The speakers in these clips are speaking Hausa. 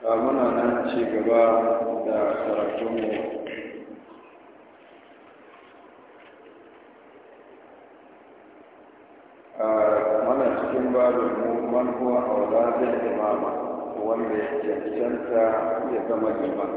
muna nan ci gaba da karatunmu mana cikin babin mu manhuwa a wadatar imama wanda ya cancanta ya zama liman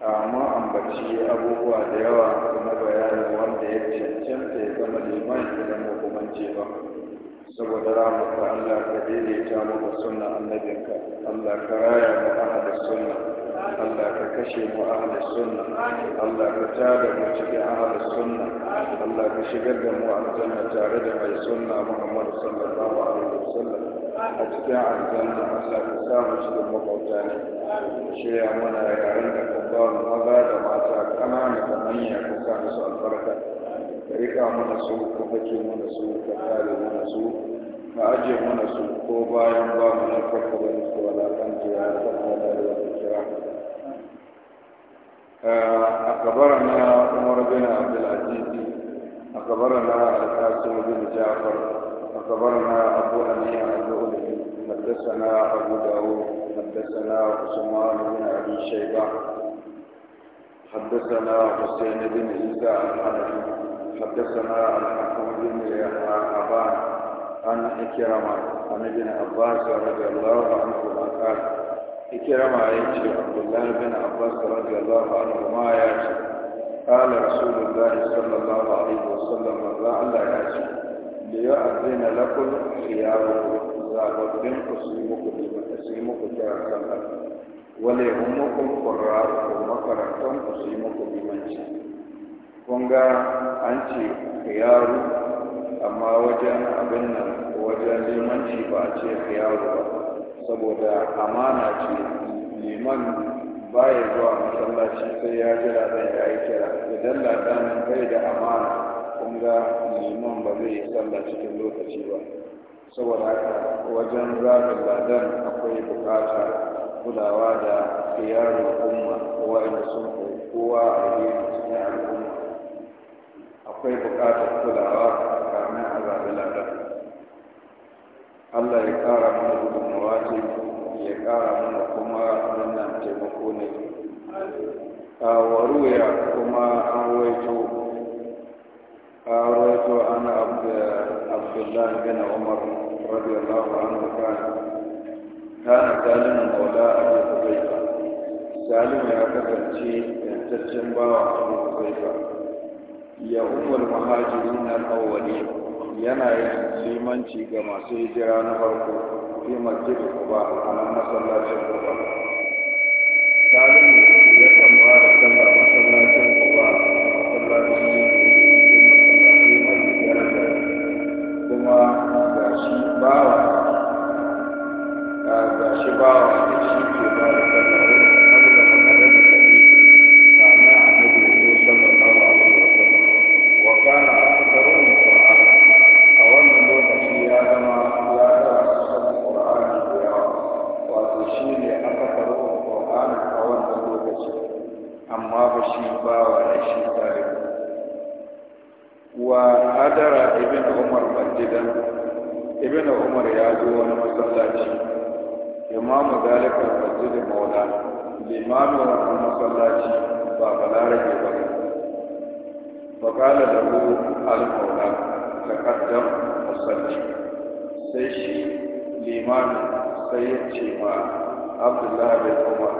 amma ambaci abubuwa da yawa na bayanin wanda ya cancanta ya zama liman idan mu kuma ba saboda ramuka Allah ka daidaita mu da sunna annabinka Allah ka raya mu ahli sunna Allah ka kashe mu ahli sunna Allah ka tada mu cikin ahli sunna Allah ka shigar da mu aljanna tare da mai sunna Muhammad sallallahu alaihi wasallam a cikin aljanna Allah ka sa mu cikin makwabta ne shirya mana yaren da ka ba mu maza da mata ƙanana da manya ka sa musu albarka ka riƙa mana su ko hake mana su ka kare mana su ka aje mana su ko bayan ba mu na kafarin su wala kan jiya ta kada da kira a kabara na umar bin abdul a kabara na alkasim bin jafar a kabara na abu aliya al-ulumi haddasana abu dawud haddasana usman bin abi shayba حدثنا حسين بن عيسى عن حنفي حدثنا الحكم بن عبان عن إكرم عن ابن عباس رضي الله عنهما قال إكرم يأتي عبد الله بن عباس رضي الله عنهما يأتي قال رسول الله صلى الله عليه وسلم لعل يأتي ليؤذن لكم خياركم zababbin ku su yi muku limata su yi muku kiran sallah wale hun muku kurra ku makarantar ku su yi muku limanci Kunga an ce yaro amma wajen abin nan wajen limanci ba a ce yaro ba saboda amana ce liman baya zuwa masallaci sai ya jira dan ya yi kira idan ladanin bai da amana Kunga ga liman ba zai yi sallah cikin lokaci ba saboda haka wajen zaɓin ladan akwai buƙatar kulawa da yaro umma wa'anda sun kowa a cikin al'umma akwai buƙatar kulawa kamin a zaɓi ladar allah ya ƙara mana gudunmawa ce ya ƙara mana kuma wannan taimako ne a waruya kuma an waito an waito an abdullahi bin umar radiyallahu anhu Ta na zalimin maula a bai kuzaifa zalim ya kasance yantaccen bawa a bai kuzaifa ya umar muhajirin na awwali yana yin limanci ga masu hijira na farko fi masjid kuba a nan masallacin kuba salimu ya kan da sallah masallacin kuba masallacin kuma ga shi bawa ga bawa hadara ibn umar masjidan ibn umar ya zo wani masallaci Imam imamu zalika masjid maula limamu wani masallaci ba balarabe ba ne fakala da ku al-maula ka kaddam musalli sai shi limamin sai ya ce ma abdullahi bin umar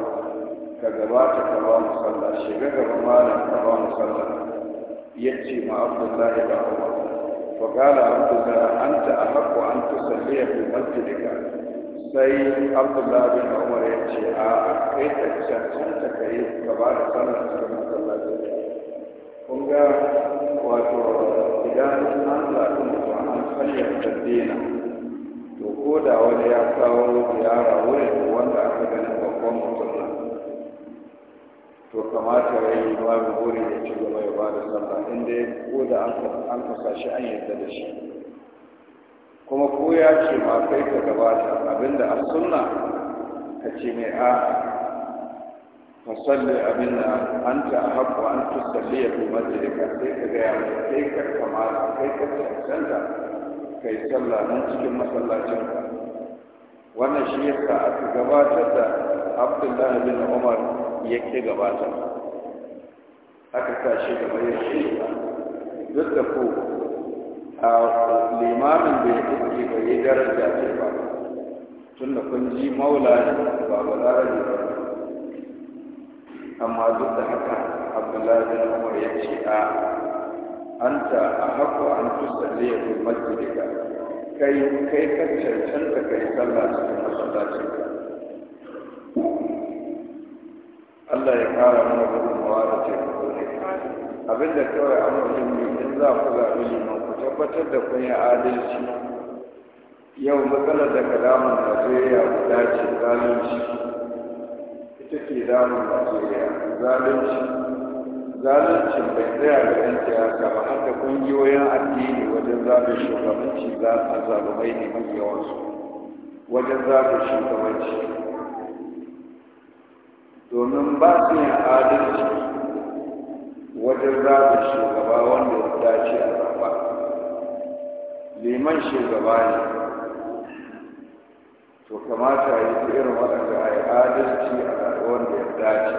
ka gabata ka ba mu sallah shiga gaba malam ka ba mu sallah ya ce ma abdullahi da umar فقال عبد الله أنت أحق أن تصلي في مسجدك sai abdullah bin umar ya ce a kai ta cancanta ka yi gaba da sallar cikin masallaci kun ga wato idan an zaɓi mutum an sanya tabbina to ko da wani ya kawo ziyara wurin wanda aka ganin babban mutum to kamata ya yi babu wuri da ci gaba ya bada sallah inda ya ko da an kasa shi an yarda da shi kuma ko ya ce ma kai ka gabata abinda an sunna ka ce mai a fasalli abin da an ta haƙo an salli ya fi majalika sai ka gaya mai kai ka kamata kai ka cancanta kai sallah nan cikin masallacin wannan shi yasa aka gabatar da abdullahi bin umar yake gabata aka tashi da bayan shi duk da ku a limamin da ya kuke bai yi daraja ce ba tun da kun ji maula ba ba larabi ba amma duk da haka abdullahi bin umar ya ce a anta a haku an ne ya fi masjidika kai kai kan cancanta kai sallah cikin masallacin ka Allah ya kara mana gudunmawa da taimako kone abin da kawai an mutum in za ku zaɓi liman ku tabbatar da kun yi adalci yau matsalar da kalamun Najeriya guda ce zalunci ita ce damun Najeriya zalunci Zalunci bai tsaya ga 'yan siyasa ba har da ƙungiyoyin addini wajen zaɓin shugabanci za a zalumai ne mafi yawansu wajen zaɓin shugabanci domin ba su yin adalci wajen zaɓa shugaba wanda ya dace a zaɓa liman shugaba ne to kamata yi ta irin waɗanda a yi adalci a zaɓa wanda ya dace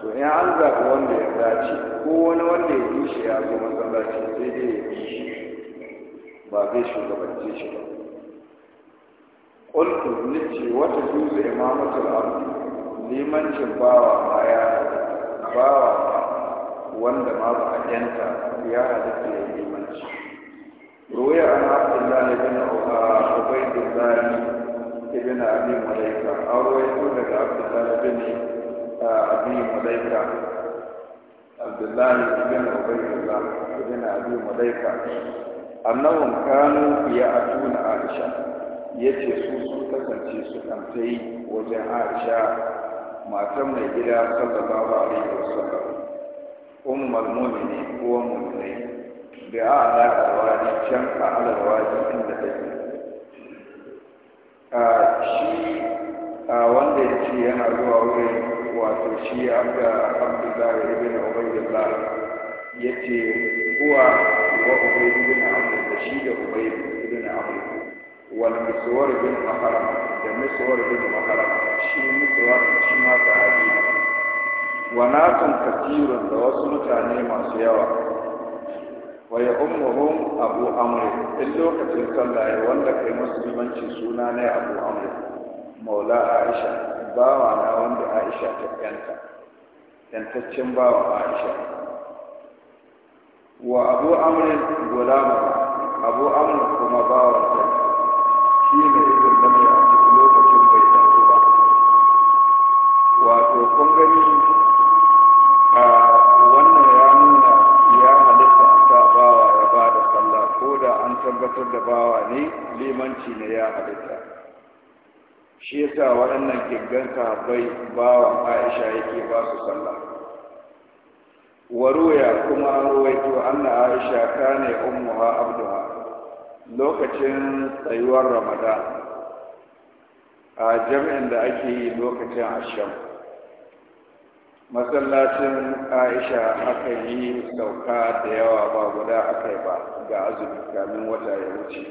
to in an zaɓa wanda ya dace ko wani wanda ya bi shi ya zo masallaci sai dai ya bi shi ba zai shugabance shi ba قلت نفسي وتجوز إمامة الأرض limancin bawa ya bawa wanda ma ba a yanta ya hada ya limanci ruwaya an abdullahi bin da ubaidullahi ibn abi malaika an ko daga abdullahi bin ah, abi malaika abdullahi ibn ubaidullah ibn abi malaika annahum kanu ya atuna aisha yace su sun kasance su kan yi wajen aisha matan mai gida sallallahu alaihi wasallam ummul mu'minin uwan mu'minai bi a'la wani can a alwadi inda take a shi a wanda ya ce yana zuwa wurin wato shi abda abdullahi ibn ya ce kuwa wa ubayd ibn amr da shi da ubayd ibn amr wal miswar bin mahram da miswar bin mahram shi mutuwa shi ma sahabi wa nasun kasirun da wasu mutane masu yawa wa ya ummuhum abu amr in lokacin sallah ya wanda kai musulmanci suna ne abu amr maula aisha bawa na wanda aisha ta yanta yantaccen bawa aisha wa abu amr gulama abu amr kuma bawa ta shi ne tabbatar da bawa ne limanci ne ya halitta shi yasa waɗannan kingan sahabbai bawa aisha yake ba su sallah waruya kuma an ruwaito anna aisha kane ummuha abduha lokacin tsayuwar ramadan a jami'in da ake yi lokacin asham masallacin aisha aka yi sauka da yawa ba guda aka yi ba ga azumi kamin wata ya wuce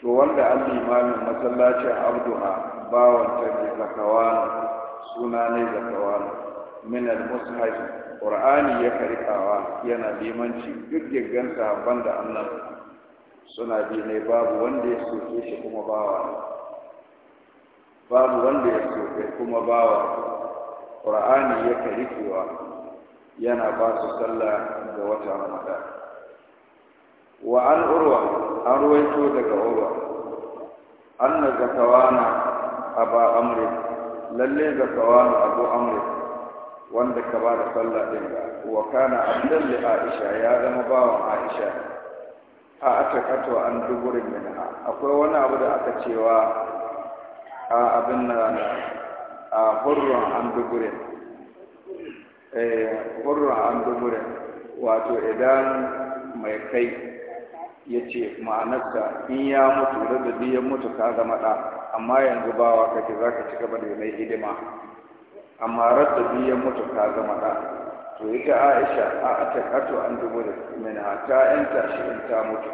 to wanda an limamin masallacin abduha bawanta ne zakawanu suna ne min minal mushaf qur'ani ya karikawa yana limanci duk gansa banda annan suna bi ne babu wanda ya soke shi kuma bawa babu wanda ya soke kuma bawa ƙur'ani ya karikewa yana ba su sallah ga wata ramadan wa an urwa an ruwaito daga urwa anna zakawana aba amri lalle zakawana abu amri wanda ka ba da sallah ɗin ba. wa kana abdan li aisha ya zama bawan aisha a atakato an duburin minha akwai wani abu da aka cewa a abin nan hurrun an duburin e, hurrun an dubure wato idan mai kai ya ce ma'anarsa in ya mutu da ya mutu ka ga ɗa amma yanzu bawa kake za ka ci gaba da mai hidima amma radda ya mutu ka ga ɗa to ita aisha a kato an dubure min ta yanta shi in ta mutu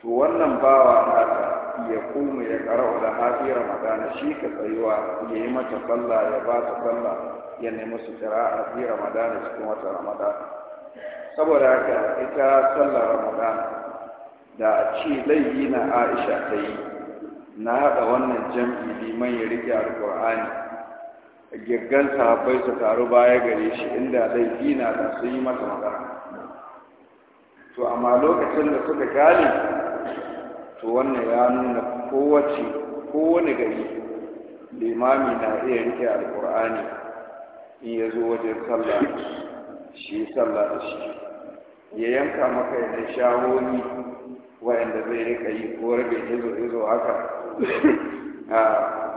to wannan bawa nata ya kuma ya karawa da hafiyar magana shi ka tsayuwa ya yi mata sallah ya ba ta sallah ya nemi su kira a fi ramadana cikin wata ramadana saboda haka ita sallar ramadana da ci laifi na aisha ta yi na haɗa wannan jam'i liman ya rike alƙur'ani girgan bai su taru baya gare shi inda laifi na da sun yi masa magana to amma lokacin da suka gane to wannan ya nuna kowace kowane gari limami na iya rike alkur'ani in ya zo wajen sallah shi sallah da shi ya yanka maka yadda shahoni wa'anda zai rika yi ko rage izo izo haka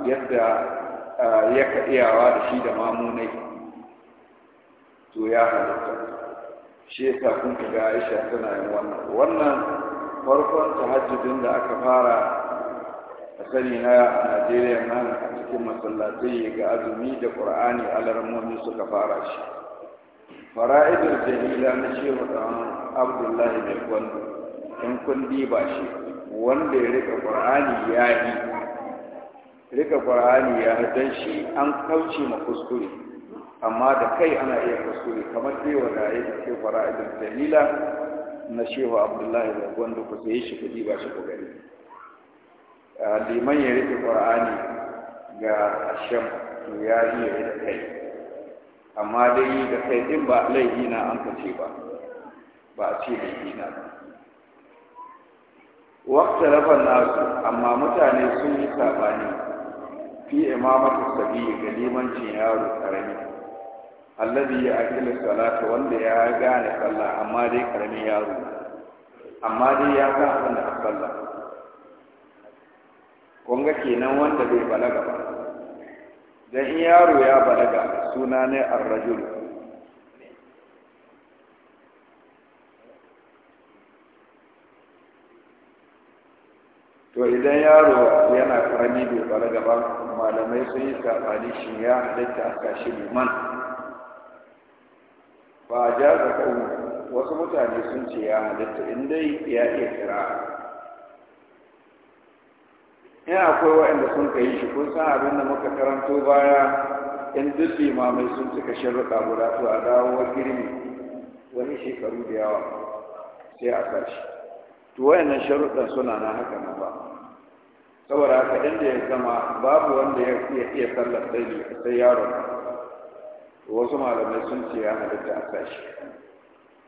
yadda ya ka iyawa da shi da mamunai to ya halitta shi yasa kun ga Aisha tana yin wannan wannan farkon tahajjudin da aka fara a sani na najeriya nan a cikin masallatai ga azumi da ƙur'ani alarmomi suka fara shi fara'idar jahila na shehu ɗan abdullahi mai kwando in kun ba shi wanda ya rika ƙur'ani ya yi rika Qur'ani ya dan shi an kauce ma kuskure amma da kai ana iya kuskure kamar dai wanda ya ke fara'idar jahila na shehu abdullahi da wanda ku sai shi kudi ba shi ku gani liman ya rike qur'ani ga asham to ya yi ya da kai amma dai da kai din ba laifi na an kace ba ba a ce laifi na waqta rafa nasu amma mutane sun yi sabani fi imamatu sabi ga cin yaro karami alladhi ya akila salata wanda ya gane sallah amma dai karamin yaro amma dai ya ga abin da sallah kun ga kenan wanda bai balaga ba dan in yaro ya balaga suna ne ar-rajul to idan yaro yana karami bai balaga ba malamai sun yi sabani shi ya halitta aka shi liman ba ja da wasu mutane sun ce ya halitta in dai ya iya kira in akwai waɗanda sun ka yi shi kun san abin da muka karanto baya in duk limamai sun cika sharuɗa guda to a dawo girmi wani shekaru da yawa sai a tashi to wayannan sharuɗan suna na haka nan ba saboda haka inda ya zama babu wanda ya iya sallar sai yaro. wasu malamai sun ce ya halitta a sashi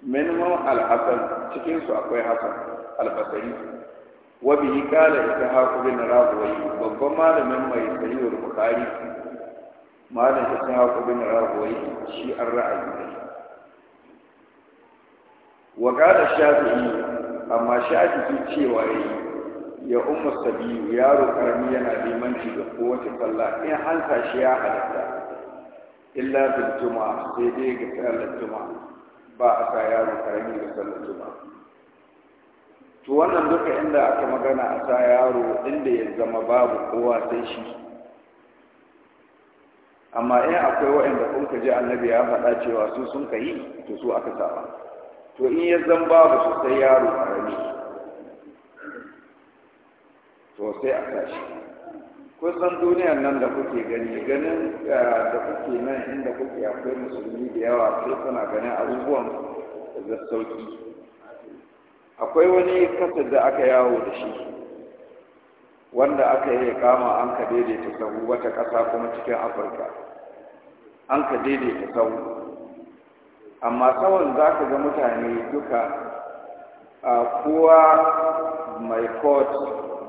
minhum al-hasan cikin su akwai hasan al-basri wa bihi qala ishaq bin rawi babban malamin mai sahihul bukhari malam ishaq bin rawi shi an ra'ayi ne. wa qala shafi'i amma shafi shafi'i cewa ya yi ya umar sabiyu yaro karami yana limanci da kowace sallah in an sashi ya halitta illa bil juma'a sai dai ga sallar juma'a ba a sa yaro karami ga sallar juma'a to wannan duka inda aka magana a sa yaro inda ya zama babu kowa sai shi amma in akwai waɗanda kun ka ji annabi ya faɗa cewa su sun ka yi to su aka saba to in ya zan babu su sai yaro karami to sai a sa shi san duniyar nan da kuke gani ganin eh, da kuke nan inda kuke akwai musulmi da yawa sai suna ganin abubuwan da sauki akwai wani kasar da aka yawo da shi wanda aka yi kama an ka daidaita sahu wata ƙasa kuma cikin afirka an ka daidaita sahu amma tsawon za ka ga mutane duka a kowa mai kot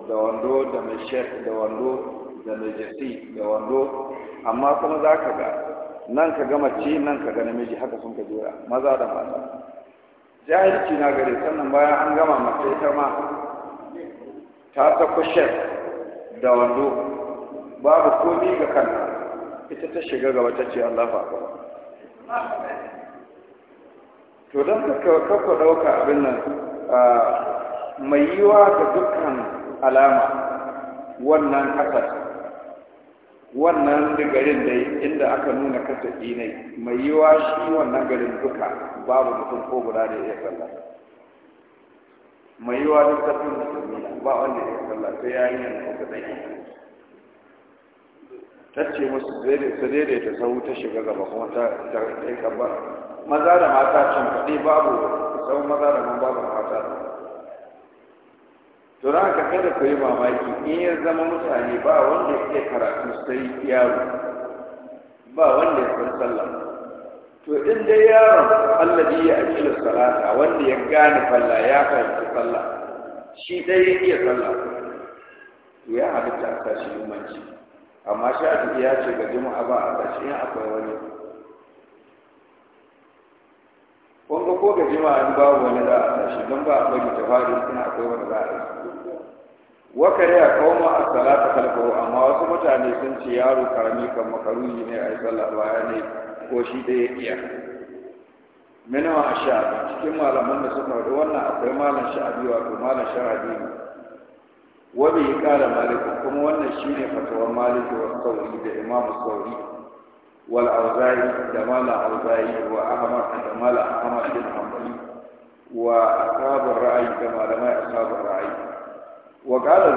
da wando da mai shek da wando da najasi da wando amma kuma za ka ga nan ka gama ci, nan ka ga namiji haka sun ka jera maza da mata jahilci na gare sannan bayan an gama mace ita ma ta sako kushen da wando babu komi ga kanta ita ta shiga gaba ta ce Allah fa to don ka kafa ɗauka abin nan mai yiwa ga dukkan alama wannan kasar wannan garin dai, inda aka nuna kasa ne mai yiwa shi wannan garin duka babu mutum ko guda da ya sallah mai yiwa duk kafin musulmi ba wanda ya sallah sai ya yi yanzu ka dai ta ce musu su daidaita sau ta shiga gaba kuma ta ta ba maza da mata can kaɗai babu sau maza da babu mata to za ka kada ku yi mamaki in ya zama mutane ba wanda ya iya karatu sai yaro ba wanda ya san sallah to in dai yaron allazi ya akila salata wanda ya gane falla ya fahimci sallah shi dai ya iya sallah to ya halitta a sashi umarci amma shafi ya ce ga juma'a ba a sashi in akwai wani kun ga ko gajima an babu wani za a tashi don ba a bari ta fari ina akwai wani za a yi wakare a kauma a salata kalfaro amma wasu mutane sun ce yaro karami kan makaruni ne a yi sallah baya ne ko shi ɗaya iya minawa a sha cikin malaman da suka da wannan akwai malam sha'abi wato malam sha'abi wani ya kara malikun kuma wannan shine fatawar maliki wasu sauri da imamu sauri wal auza'i da mala auza'i wa ahmad da mala ahmad bin لما wa الرأي ra'ayi da malamai ياتي ra'ayi اتبعوا qala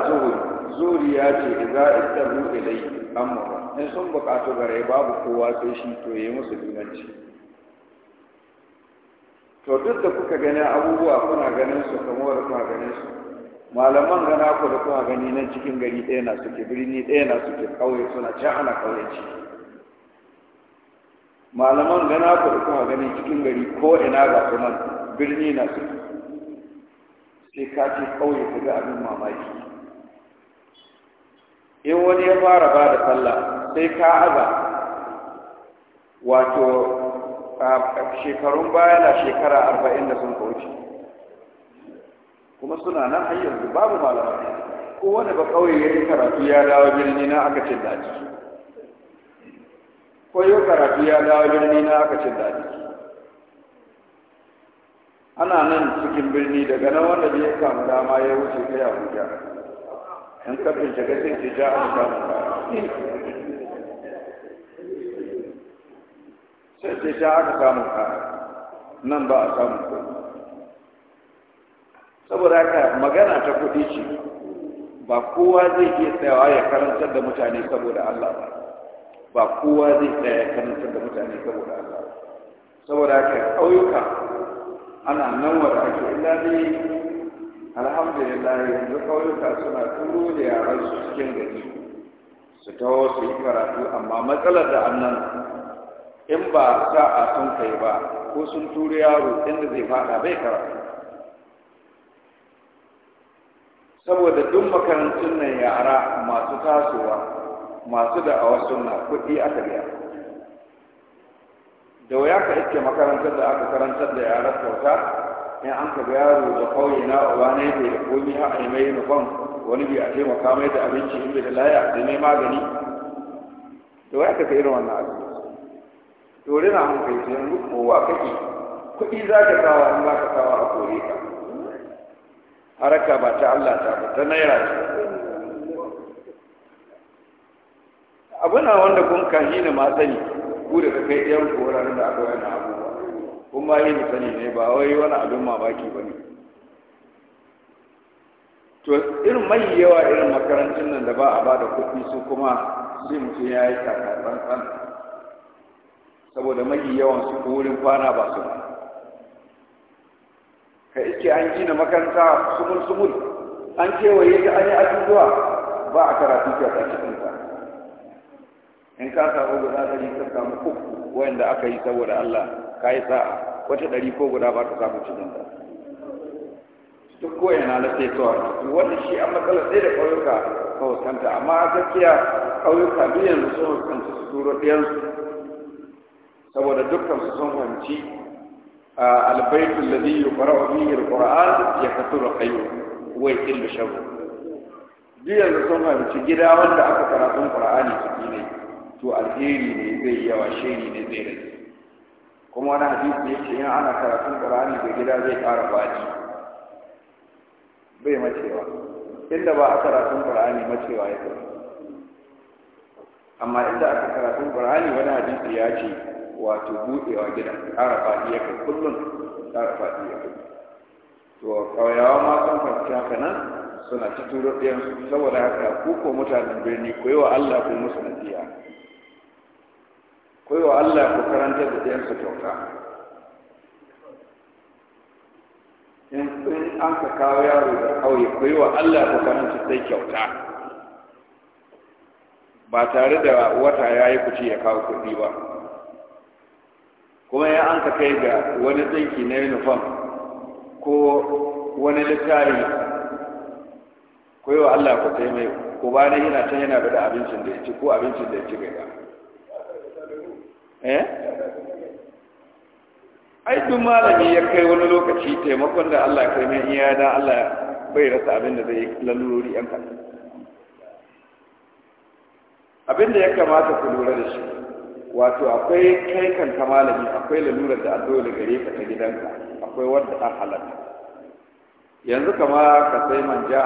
zuhri إن ya ce idza ittabu ilayhi amra in babu kowa sai shi to musu duk da kuka gani abubuwa kuna ganin su kamar da kuna ganin su malaman gana ku da kuna gani nan cikin gari ɗaya na suke birni ɗaya na suke ƙauye suna can ana ƙauye ciki malaman gana ku da kuma gani cikin gari ko ina ga kuma birni na su sai ka ce kauye ka ga abin mamaki in wani ya fara ba da sallah sai ka aza wato shekarun baya na shekara arba'in da sun kauce kuma suna nan har yanzu babu malamai ko wani ba kauye ya yi karatu ya dawo birni na aka ce daji ko yau karatu ya dawo birni na aka cin daɗi ana nan cikin birni daga nan wanda bai samu dama ya wuce kai abuja an kafin bincika sai ce ja an samu sai ce ja aka samu ka nan ba a samu kuɗi saboda haka magana ta kuɗi ce ba kowa zai iya tsayawa ya karantar da mutane saboda Allah ba ba kowa zai tsaya karantar da mutane saboda Allah saboda haka ƙauyuka ana nan wa ake illa dai alhamdulillah yanzu ƙauyuka suna turo da yaran su cikin gari su taho su yi karatu amma matsalar da annan in ba a sun kai ba ko sun turo yaro inda zai fada bai karatu saboda duk makarantun nan yara masu tasowa masu da a wasu na kuɗi aka biya da waya ka iske makarantar da aka karantar da yaran kyauta in an ka yaro da kauye na uwa ne bai da komi a aimai mai nufan wani bai a taimaka mai da abinci in bai da laya da mai magani da waya ka irin wannan abu to rina hankali sai yanzu kowa kake kuɗi za ka kawo in za ka kawo a kore ka haraka ba ta Allah ta ba ta naira ce abuna wanda kun kashi ne ma sani ku da kai ɗayan ku wuraren da aka wani abu kuma yi sani ne ba wai wani abin baki ba ne to irin mai yawa irin makarantun nan da ba a ba da kuɗi su kuma sai mutum ya yi tsantsan saboda mai yawan su wurin kwana ba su ka iske an gina makaranta sumul-sumul an kewaye ta an yi abubuwa ba a karatu ta cikin ta in ka samu guda ɗari ka samu uku wanda aka yi saboda Allah ka yi sa'a wata ɗari ko guda ba ka samu cikin ta duk koyan halatta ya tsawa wannan shi an matsalar sai da ƙauyuka ka huskanta amma gaskiya ƙauyuka duk yanzu sun huskanta su turo ɗiyansu saboda dukkan su sun fahimci albaitul ladhi yuqra'u bihi alquran yakthuru khayru wa yaqillu sharru duk yanzu sun fahimci gida wanda aka karatun qur'ani ciki ne to alheri ne zai yawa shiri ne zai rage kuma wani hadisi ya ce yin ana karatun qur'ani da gida zai ƙara baji bai macewa inda ba a karatun qur'ani macewa ya kai amma inda aka karatun qur'ani wani hadisi ya ce wato buɗewa gida ƙara kwaji ya kai kullum ƙara kwaji ya kai to ƙauyawa ma sun fahimci haka nan suna ci turo ɗiyansu saboda haka ko ko mutanen birni ku yi wa Allah ko musu nasiha koyo Allah ku karanta da su kyauta in an ka kawo yaro da kauye koyo Allah ku karanta sai kyauta ba tare da wata ya yi kuce ya kawo kuɗi ba kuma ya an ka kai ga wani tsinki na uniform ko wani littafi koyo Allah ku sai ko ba yana can yana bada abincin da ya ci ko abincin da ya ci gaida eh ai duk malami ya kai wani lokaci taimakon da Allah kai mai iya da Allah bai rasa abin da zai lalurori yan kan abin da ya kamata ku lura da shi wato akwai kai kanka malami akwai lalurar da addu'a da gare ka ta gidanka akwai wanda an halatta yanzu kama ka sai manja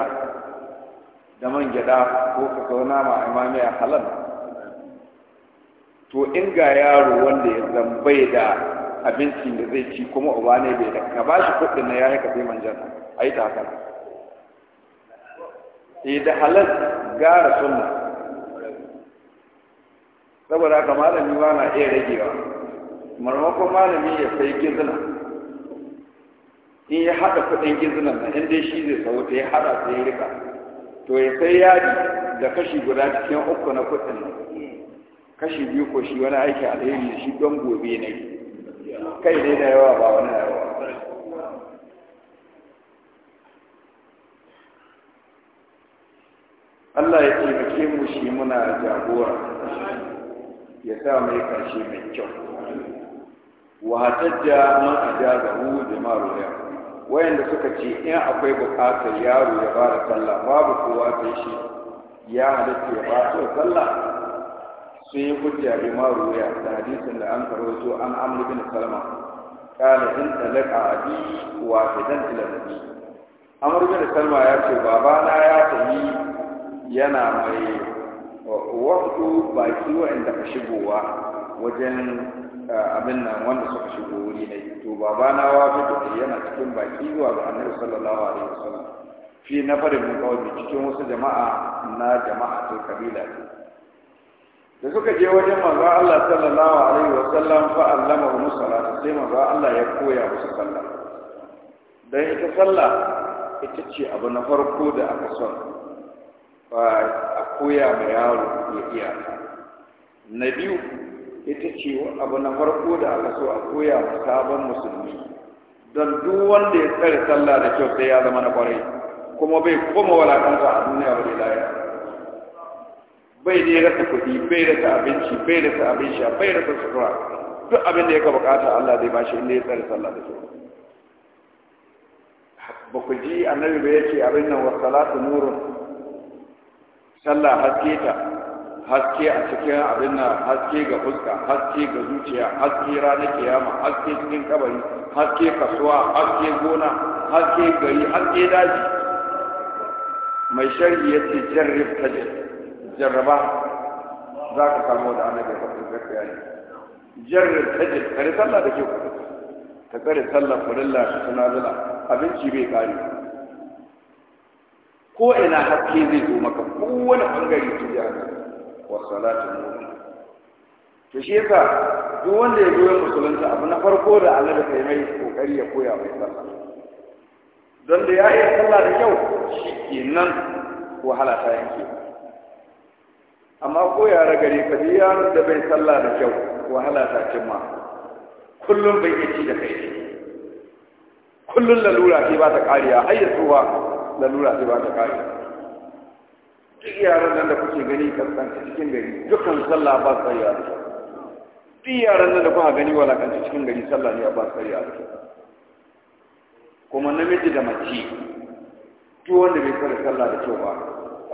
da man gyada ko ka kauna ma imamiya halatta to in ga yaro wanda ya zambai da abinci da zai ci kuma uba ne bai da ka ba shi kuɗin na ya haika sai manjan a yi takara eh da halal gara sunna saboda haka malami ba na iya ragewa marmakon malami ya sai gizina in ya haɗa kuɗin gizinan na in dai shi zai sau ta ya haɗa sai ya rika to ya sai yadi da kashi guda cikin uku na kuɗin kashi biyu ko shi wani aiki alheri da shi don gobe ne kai ne da yawa ba wani yawa Allah ya taimake mu shi muna jagora ya sa mai karshe mai kyau wa hatajja man da bi ma ruya wayanda suka ce in akwai bukatar yaro ya fara sallah babu kowa sai shi ya halatta ya fara sallah sun yi hujja bi maruya da hadisin da an karoto an amru bin salama kala in talaka abi wa fidan ila nabi amru bin salama ya ce babana ya tafi yana mai waktu baki inda ka shigowa wajen abin nan wanda suka shigo wuri ne to babana wa fito yana cikin baki zuwa ga annabi sallallahu alaihi wasallam fi nafarin min kawai cikin wasu jama'a na jama'a ta kabila da suka je wajen manzo Allah sallallahu alaihi wa sallam fa allama mu salatu sai manzo Allah ya koya musu sallah dan ita sallah ita ce abu na farko da aka son fa a koya ma yaro ya iya na biyu ita ce abu na farko da aka so a koya ma sabon musulmi don duk wanda ya tsare sallah da kyau sai ya zama na kwarai kuma bai koma wala walakanta a duniya wa da bai ne rasa kuɗi bai rasa abinci bai rasa abin sha bai rasa sutura duk abin da ya ka bukata Allah zai bashi inda ya tsare sallah da su ba ku ji annabi ba yace abin nan wa salatu nurun sallah haske ta haske a cikin abin nan haske ga fuska haske ga zuciya haske ranar kiyama haske cikin kabari haske kasuwa haske gona haske gari haske daji mai sharri ya ce jarrif tajir jarraba za ka samu da annabi ya faɗi zaka yayi jarrin tajid kare sallah da ke ku ka kare sallah farilla ta tunazula abinci bai kare ko ina haske zai zo maka kowane bangare su ya ga wa salatu mu'min to shi yasa duk wanda ya zo musulunta abu na farko da Allah da kai mai kokari ya koya mai sallah don da ya iya sallah da kyau shi kenan wahala ta yanke amma ko yara gare ka ji yaron da bai sallah da kyau wahala ta cimma kullum bai yi ci da kai kullum lalura ce ba ta kariya har ya tsuwa lalura ce ba ta kariya duk yaran nan da kuke gani kaskanta cikin gari dukkan sallah ba su yi da duk yaran nan da kuka gani walakanta cikin gari sallah ne ba su yi da kyau kuma namiji da mace duk wanda bai tsara sallah da kyau ba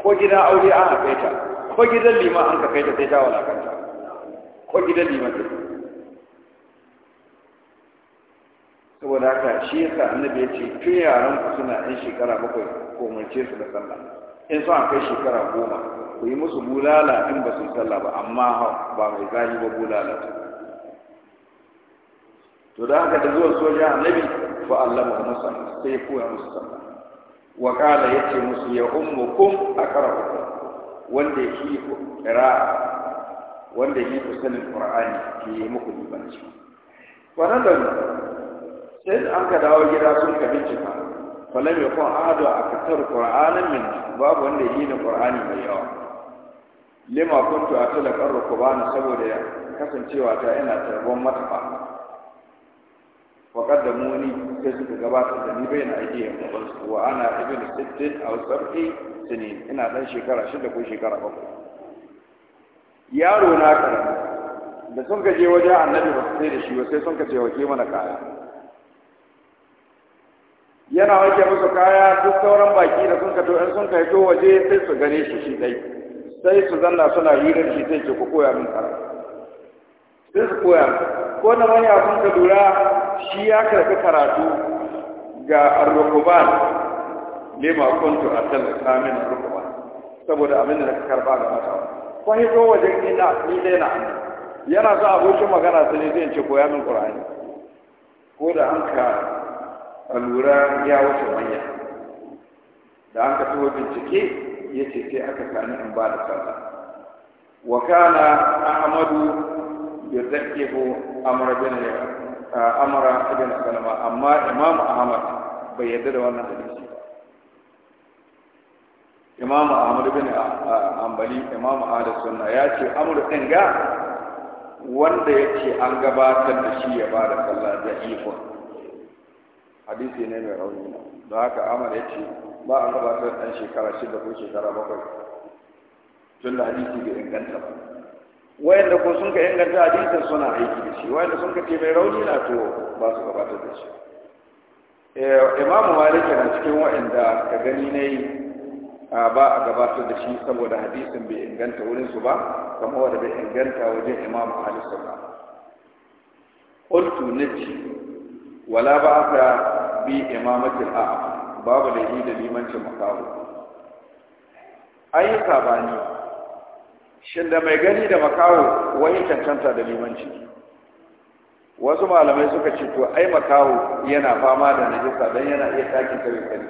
ko gida aure an haife ta. ko gidan liman an ka kai ta sai ta walakanta ko gidan liman ta saboda haka shi yasa annabi ya ce tun yaran ku suna yan shekara bakwai ko mace su da sallah in an kai shekara goma ku yi musu bulala in ba su sallah ba amma ba mai zahi ba bulala to da haka da zuwan soja annabi Allah ba musa sai ya koya musu sallah wa qala yace musu ya ummukum aqra'ukum wanda yake kira wanda yake ku sanin ke yi muku dubanci wannan da sai an ka dawo gida sun ka bincika kwan yakun ahadu akthar qur'anan min babu wanda yi na qur'ani mai yawa lima kuntu atala qarru qur'ana saboda kasancewa ta ina tarbon matafa gabata da ni وقدموني تزك غبات ya بين ايديهم وانا ابن ست او سبع سنين ina ɗan shekara shida ko shekara bakwai yaro na karami da sun ka je wajen annabi ba sai da shi ba sai sun ka ce wake mana kaya yana wake musu kaya duk sauran baki da sun ka to in sun ka to waje sai su gane shi shi dai sai su zanna suna hirar shi sai ke ku koya min karatu sai su koya ko da manya sun ka lura shi ya karɓi karatu ga ar ne ma kuntu a can kamin saboda abin da ka karba ga kwanye ko wajen ina ni dai na yana za bushe magana ne zai ce koya min kur'ani ko da an ka lura ya wuce manya da an ka tuwo bincike ya ce sai aka sani in ba da sallah wa kana ahmadu yuzakkihu amr bin amara ibn salama amma imam ahmad bai yarda da wannan hadisi ba imam ahmad ibn ambali ah, ah, imam ahmad sunna ya ce amru din ga wanda yake an gabatar da shi ya bada sallah da ikon hadisi ne mai rauni don haka amara ya ce ba a gabatar dan shekara shida ko shekara bakwai tun da hadisi bai inganta ba wayanda ko sun ka inganta hadisin suna aiki da shi wayanda sun ka ce mai rauni na to ba su gabatar da shi eh, imamu malik na cikin wayanda ka gani ne ba a gabatar da shi saboda hadisin bai inganta wurin su ba kamar wanda bai inganta wajen imamu malik wala alaihi قلت bi ولا babu da الأعمى da لهي دليمان ayyuka ba ni shin da mai gani da makawo wani cancanta da limanci wasu malamai suka ce to ai makawo yana fama da najisa don yana iya takin kawai kari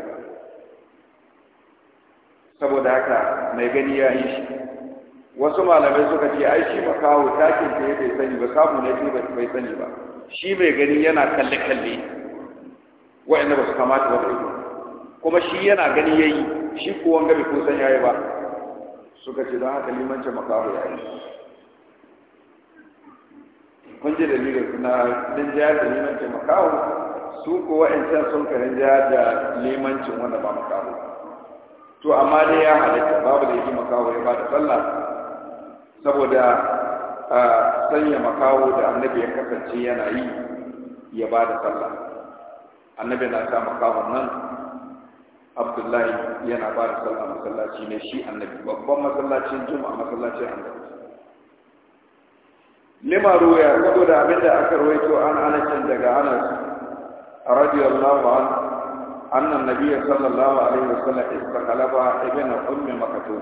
saboda haka mai gani ya yi shi wasu malamai suka ce ai shi makawo takin da ya bai sani ba samu ne bai sani ba shi mai gani yana kalle kalle wa'anda ba su kamata ba kuma shi yana gani yayi shi ko gabi ko san yayi ba suka ce don haka limancin makaho ya yi kun ji dalilin suna jihar da limancin makaho su ko wa'ancan sun karin jihar da limancin wanda ba makaho to amma dai ya halitta babu da yi makaho ya ba da sallah saboda sanya makaho da annabi ya kasance yana yi ya ba da sallah annabi na sa makahon nan abdullahi yana ba da sallah masallaci ne shi annabi babban masallacin juma'a masallacin annabi lima ruya da abinda aka rawaito an anasin daga anas radiyallahu an anna nabiyya sallallahu alaihi wasallam istaqalaba ibn ummi maktum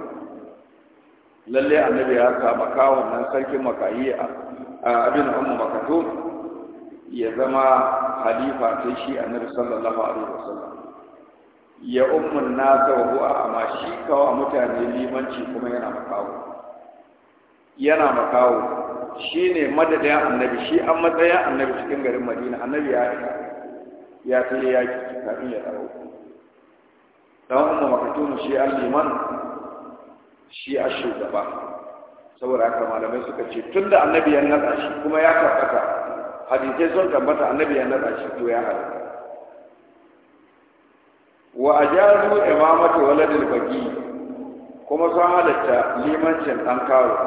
lalle annabi ya kama kawon nan sarkin makayi a abin ummi maktum ya zama halifa ta shi annabi sallallahu alaihi wasallam ya ummun nasa wa huwa amma shi kawo a mutane limanci kuma yana makawo yana makawo shi ne madadin annabi shi an matsayin annabi cikin garin madina annabi ya aika ya ya ki kafin ya tsaro. Don umma makatun shi an liman shi a shugaba saboda haka malamai suka ce tunda annabi ya nasa shi kuma ya karkata hadisai sun tambata annabi ya nasa shi to ya halaka wa ajazu imamatu waladil baqi kuma sun halatta limancin dan kawo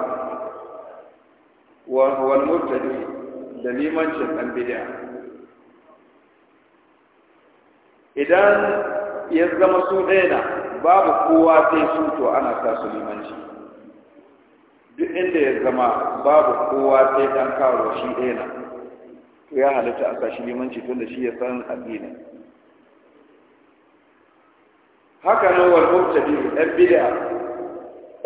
wa wal mubtadi da limancin dan bid'a idan ya zama su daina babu kowa sai su to ana sa su limanci duk inda ya zama babu kowa sai dan kawo shi daina ya halatta a sa shi limanci tunda shi ya san addini haka nan wal mubtadi dan bid'a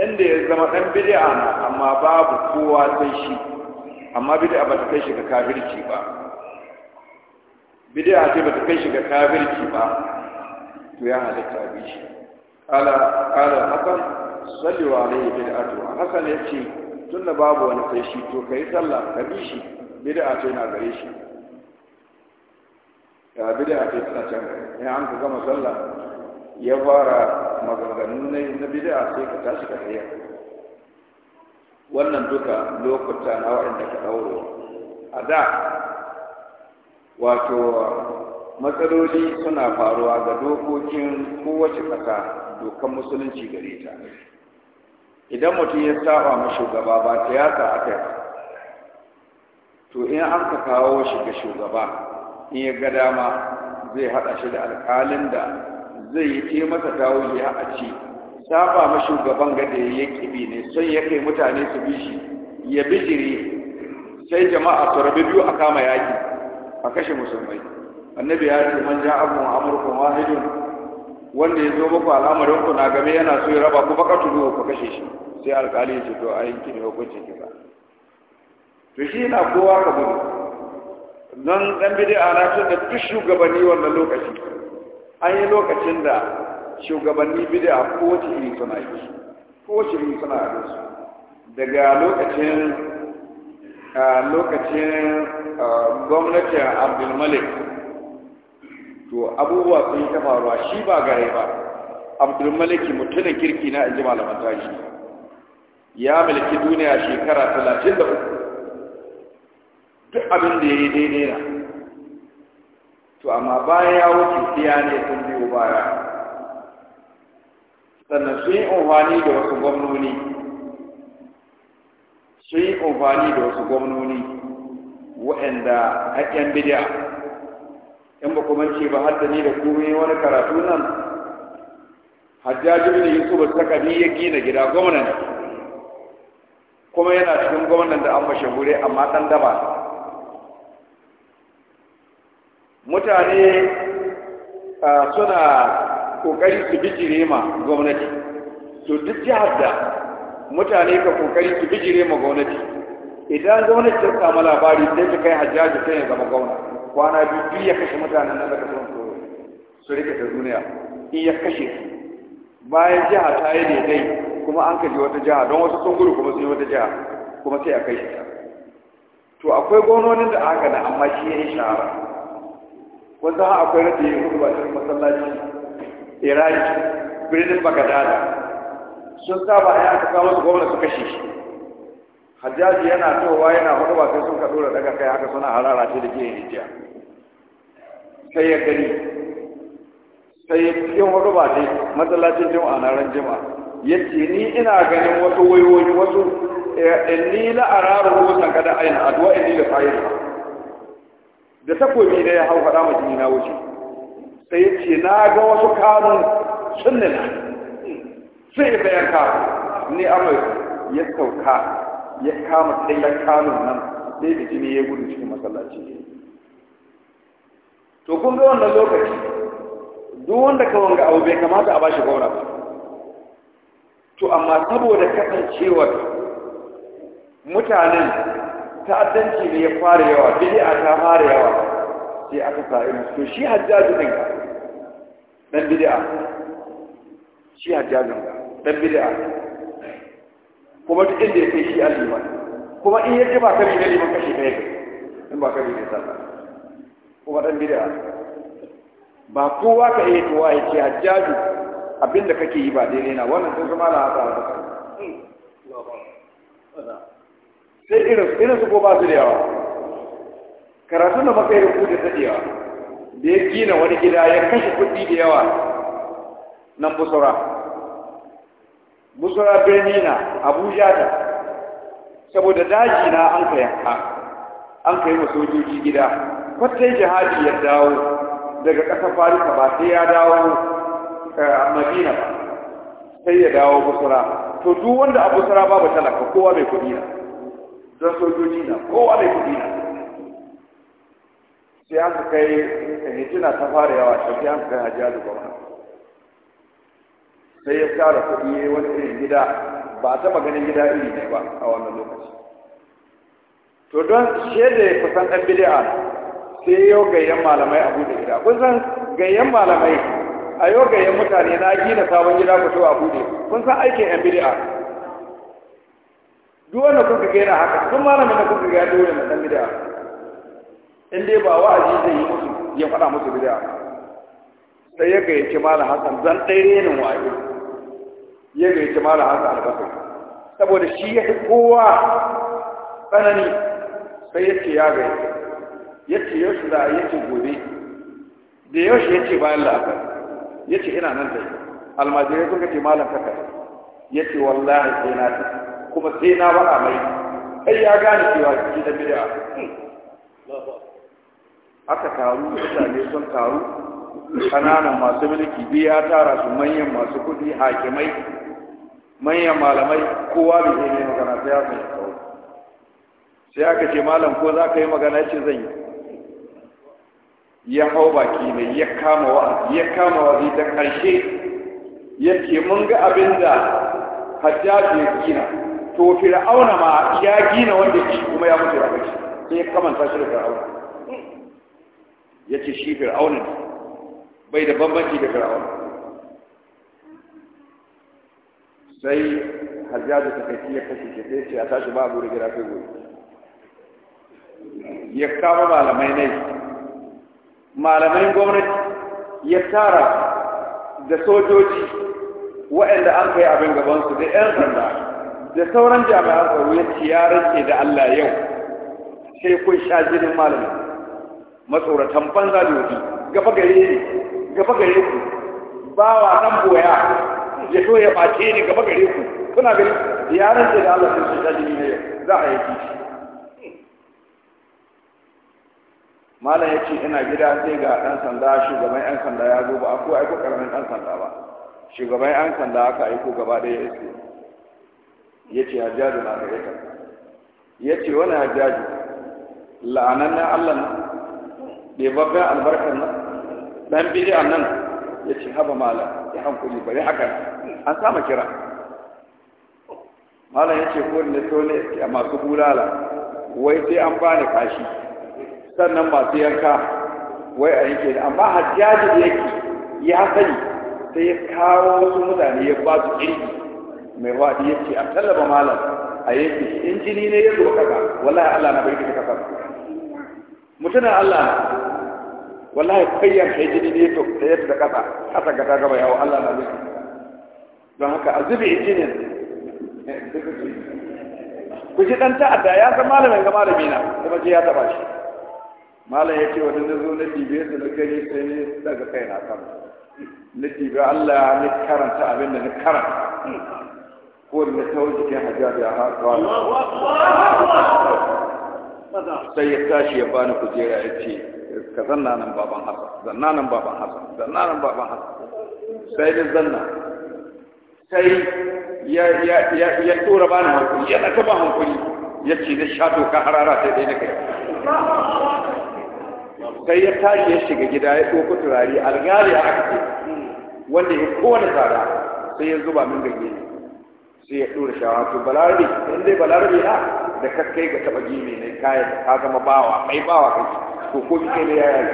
inda ya zama dan bid'a na amma babu kowa sai shi amma bid'a ba ta kai shi ga kafirci ba bid'a ce ba ta kai shi ga kafirci ba to ya halitta bi shi ala ala hakan sallu alaihi bid'atu hasan yace tunda babu wani sai shi to kai sallah ka bi shi bid'a ce na gare shi ya bid'a ce tana can in an ka gama sallah ya fara maganganu na bid'a sai ka tashi ka tsaya wannan duka lokuta na waɗanda ka ɗauro a da wato matsaloli suna faruwa ga dokokin kowace ƙasa dokan musulunci gare ta idan mutum ya saba ma shugaba ba ta yasa aka to in an ka kawo shi ga shugaba in ya ga dama zai haɗa shi da alƙalin da zai yi ce masa tawili a ce saba ma shugaban gada ya kibi ne sai ya kai mutane su bi shi ya bijire sai jama'a su rabi biyu a kama yaki a kashe musulmai annabi ya ce man ja'a mu Ma wahidun wanda ya zo muku al'amarin ku na game yana so ya raba ku baka tudu ku kashe shi sai alƙali ya ce to a yanki ne hukuncin kisa to shi na kowa ka gudu don dan bid'a na so da duk shugabanni wannan lokaci an yi lokacin da shugabanni bid'a kowace iri suna yi kowace iri suna a su daga lokacin a lokacin gwamnatin abdulmalik to abubuwa sun yi ta shi ba gare ba abdulmalik mutunan kirki na inji malaman tashi ya mulki duniya shekara 33 duk abin da ya yi daidai na to amma bayan ya wuce siya ne sun biyo baya sannan sun yi amfani da wasu gwamnoni sun yi amfani da wasu gwamnoni waɗanda haƙƙen bidiya in ba kuma ce ba hadda ni da komai wani karatu nan hajjajin da yusuf ni ya gina gida gwamnan kuma yana cikin gwamnan da an mashahure amma ɗan daba mutane suna kokari su bijire ma gwamnati to duk jihar da mutane ka kokari su bijire ma gwamnati idan gwamnati ta samu labari sai ta kai hajjaji sai ya zama gwamna kwana biyu ya kashe mutane nan da ka son su rike ta duniya in ya kashe su bayan jiha ta yi daidai kuma an kaji wata jiha don wasu sun gudu kuma sun yi wata jiha kuma sai a kai shi ta. to akwai gwamnonin da aka da amma shi ya yi shahara wanda akwai rage yin hudu ba cikin masallaci iraki birnin bagadada sun saba ya aka kawo su gwamna su kashe shi hajjaji yana towa yana hudu ba sai sun ka dora daga kai haka suna harara ce da ke yin hijiya sai ya gani sai yin hudu ba ne masallacin jima'a na ran jima'a ya ce ni ina ganin wasu wayoyi wasu eh, inni la araru wasan kada aina addu'a inni da fa'ila da takobi da ya hau faɗa ma jini na wuce sai ya ce na ga wasu kanun sunnina sai ya bayan ni amai ya sauka ya kama ya kanun nan sai da jini ya gudu cikin masallaci to kun ga wannan lokaci duk wanda ka wanga abu bai kamata a bashi gora ba to amma saboda kasancewar mutanen ta'addanci ne ya fara yawa bid'a ta fara yawa sai aka sa'i to shi hajjaji din dan bid'a shi hajjajin dan bid'a kuma duk inda ya kai shi aliman kuma in yake ba kari ne liman kashi kai in ba kari ne sallah kuma dan bid'a ba kowa ka iya kowa ya ce hajjaji abinda kake yi ba daidai na wannan sun zama Allah hasa Allah. sai irin irin su ko ba su da yawa karatu na maka da kudin ta da ya gina wani gida ya kashe kuɗi da yawa nan busura busura birni na abuja ta saboda daji na an ka yanka an ka yi wa sojoji gida kwatai jihadi ya dawo daga ƙasa farisa ba sai ya dawo eh, madina ba sai ya dawo busura to duk wanda a busura babu talaka kowa mai kuɗi na don sojoji na kowa da kudi na sai an ka kai hijina ta fara yawa sai an ka kai hajiya da gwamna sai ya tsara kuɗi ya wani irin gida ba a taɓa ganin gida iri ne ba a wannan lokaci to don shaida ya kusan ɗan bidi'a sai yau gayyan malamai a buɗe gida kun san gayyan malamai a yau gayyan mutane na gina sabon gida ku to a buɗe kun san aikin ɗan bidi'a duk wanda kuka gera haka duk malamin da kuka ga dole na san bid'a in dai ba wa'azi zai yi musu ya faɗa musu bid'a sai ya gayyaci malam Hassan zan ɗaya renin wa'azi ya gayyaci malam Hassan albasa saboda shi ya fi kowa tsanani sai ya ce ya gayyaci ya ce yau shi za a yace gobe da yau shi ya ce bayan la'asar ya ce ina nan da almajirai ga ce malam kaka ya ce wallahi sai na tafi kuma sai na a mai ai ya gane cewa shi da bid'a hmm. aka taru mutane sun taru kananan masu mulki biyu ya tara su manyan masu kuɗi hakimai manyan malamai kowa bai zai mai magana sai ya san sai aka ce malam ko za ka yi magana ce zan yi ya hau baki ne ya kama wa ya kama wa ta ƙarshe yake mun ga abin da hajjaji ya kina to fir'auna ma ya gina wanda shi kuma ya mutu da kai sai ya kamanta shi da fir'auna yace shi fir'auna bai da bambanci da fir'auna sai hajjaji ta kai ya kashe shi sai ce a tashi ba abu da gida kai gobe ya kama malamai ne malamai gwamnati ya tara da sojoji waɗanda an kai abin gabansu da 'yan sanda da sauran jami'an tsaro ya ce ya da Allah yau sai kun sha jirin malamin matsoratan banza da yobi gaba gare ni gaba gare ku bawa nan boya ya so ya bace ni gaba gare ku kuna gari ya rage da Allah sai sha jini ne za a yi malam ya ce ina gida sai ga ɗan sanda shugaban 'yan sanda ya zo ba a ko aiko ƙaramin ɗan sanda ba shugaban 'yan sanda aka aiko gaba ɗaya ya ce ya ce hajjaju na gare ka ya ce wani hajjaju la'anan na allah na babban albarkar na ɗan a nan ya ce haba mala ya hankuli bari haka an sama kira malam ya ce ko ne to ne a masu bulala wai sai an ba ni kashi sannan masu yanka wai a yanke ni amma hajjaji yake ya sani sai ya kawo wasu mutane ya ba su kirki mai wadi ce a talaba malam a yake in jini ne ya zo kaka wallahi Allah na bai kaka mutunan Allah wallahi kayyar kai jini ne to da yadda kasa kasa ga ta gaba yawo Allah na bai don haka a zubi jinin ku ji dan ta'adda ya san malamin ga malami na kuma je ya taba shi malam ya ce wani na zo na dibe su na gani sai ne daga kai na sama na dibe Allah ya karanta abin da na karanta kowanne ta wajen kai hajjar ya haɗuwa sai ya tashi ya bani kujera ya ce ka zanna nan baban hasa zanna nan baban hasa zanna nan baban hasa sai da zanna sai ya tura bani hankuli ya ta ba hankuli ya ce na sha doka harara sai dai na kai sai ya tashi ya shiga gida ya ɗauko turare algali a aka ce wanda ya kowane tsada sai ya zuba min gage ne sai ya ɗora shawa to balarabe in dai balarabe na da kakkai ga taɓa gini ne kayan ka zama bawa kai bawa kai to ko kai ne ya yi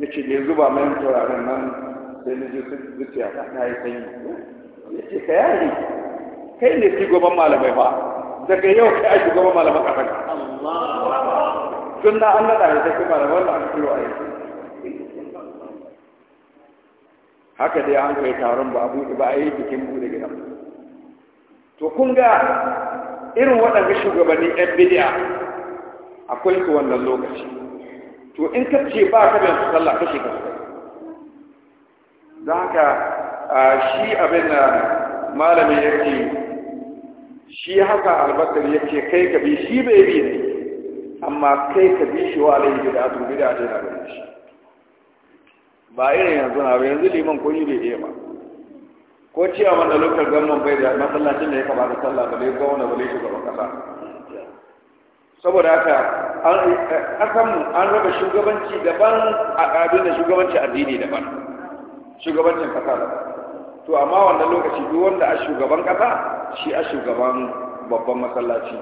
ya ce yanzu zuba mai turaren nan sai na je zuciya ta na yi sanyi ya ce ka yari kai ne shugaban malamai ba daga yau kai a shugaban malaman ƙasar tun na an naɗa ya sai malamai wanda wannan an kiro a yanzu haka dai an kai taron ba abu ba a yi bikin buɗe gidan to kun ga irin waɗanda shugabannin yan bidiya akwai su wannan lokaci to in ka ce ba ka da sallah kashe ka don haka shi abin da malamin yake shi haka albasar yake kai ka bi shi bai bi ne amma kai ka bi shi wa alayhi bid'atu bid'a dai na shi ba irin yanzu na ba yanzu liman koyi bai iya ba ko ciya wanda lokal gwamnan bai da masallacin da ya kamata sallah ba ne gwamna ba ne shugaban kasa saboda haka an an raba shugabanci daban a ƙabin da shugabanci addini daban shugabancin kasa daban to amma wannan lokaci duk wanda a shugaban kasa shi a shugaban babban masallaci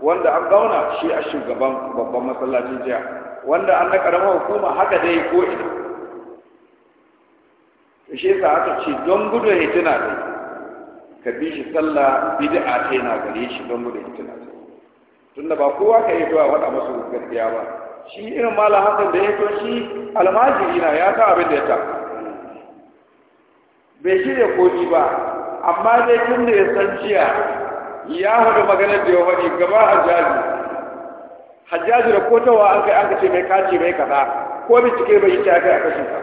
wanda an gauna shi a shugaban babban masallacin jiya wanda an na karamar hukuma haka dai ko ina shi yasa aka ce don gudun hituna ne ka bi shi sallah bid'a ta yana gare shi don gudun hitina dai tunda ba kowa ka yi zuwa faɗa masu gaskiya ba shi irin ma hasan da ya to shi almajiri na ya ta abin da ya ta bai shirya koji ba amma dai tun da ya san jiya ya hudu maganar da ya faɗi gaba hajjaji hajjaji da kotawa an kai an ka ce mai kace mai kaza ko bincike bai yi ta kai a kashin ka